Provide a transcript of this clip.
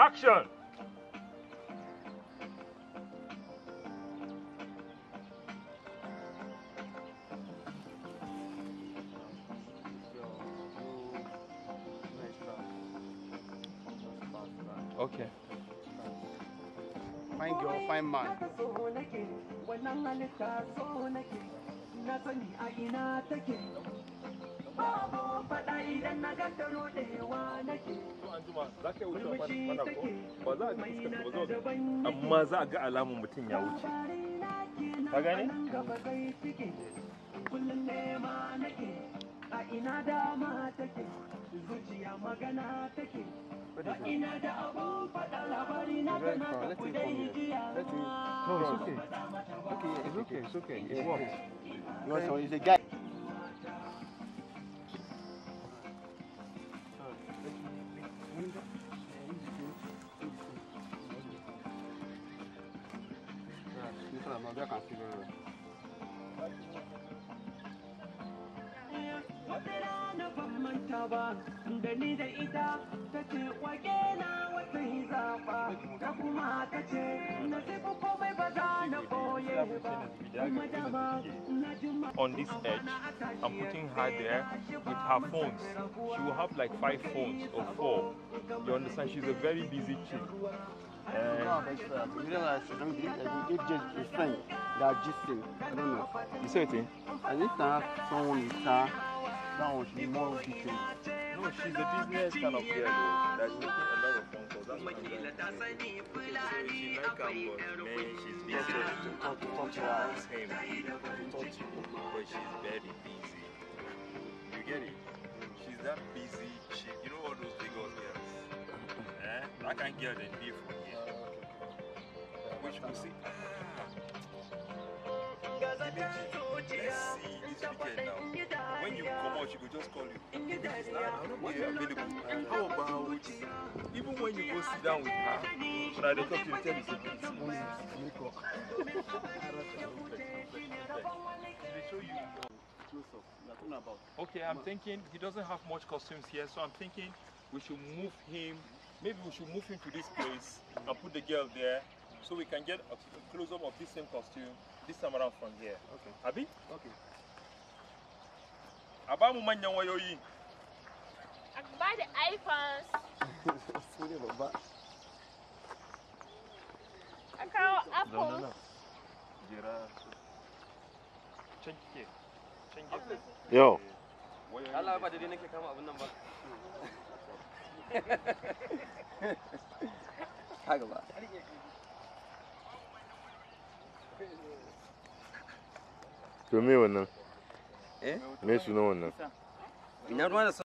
Action! Okay. Fine girl, fine man. babu faɗa idan ga za a ga alamun mutum ya wuce ka gane gaba zai cike dama take zuciya magana take oh, oh, it's okay. Okay, it's okay. It's okay. on this edge I'm putting her there with her phones she will have like five phones or four you understand she's a very busy chick You said it? I just have someone in town that wants to be more teaching. No, she's a business kind of girl. That's making a lot of phone calls. That's She like busy. To talk to talk to her. talk to him. But she's very busy. You get it? She's that busy. She, you know all those big girls. Eh? I can't get girl, they live for When you come out, she will just call you. available. How about even when you go sit down with her, I talk to you, tell you Okay, I'm thinking he doesn't have much costumes here, so I'm thinking we should move him. Maybe we should move him to this place and put the girl there so we can get a, close-up of this same costume this time around from here. Okay. Abi? Okay. Aba mu manya wayo yi. Akba da iPhones. Sune babba. Akawo Apple. Jira. Canke. Canke. Yo. Allah ba da dai nake kama abun nan ba. Haka ba. to me wannan eh me wannan ina ruwa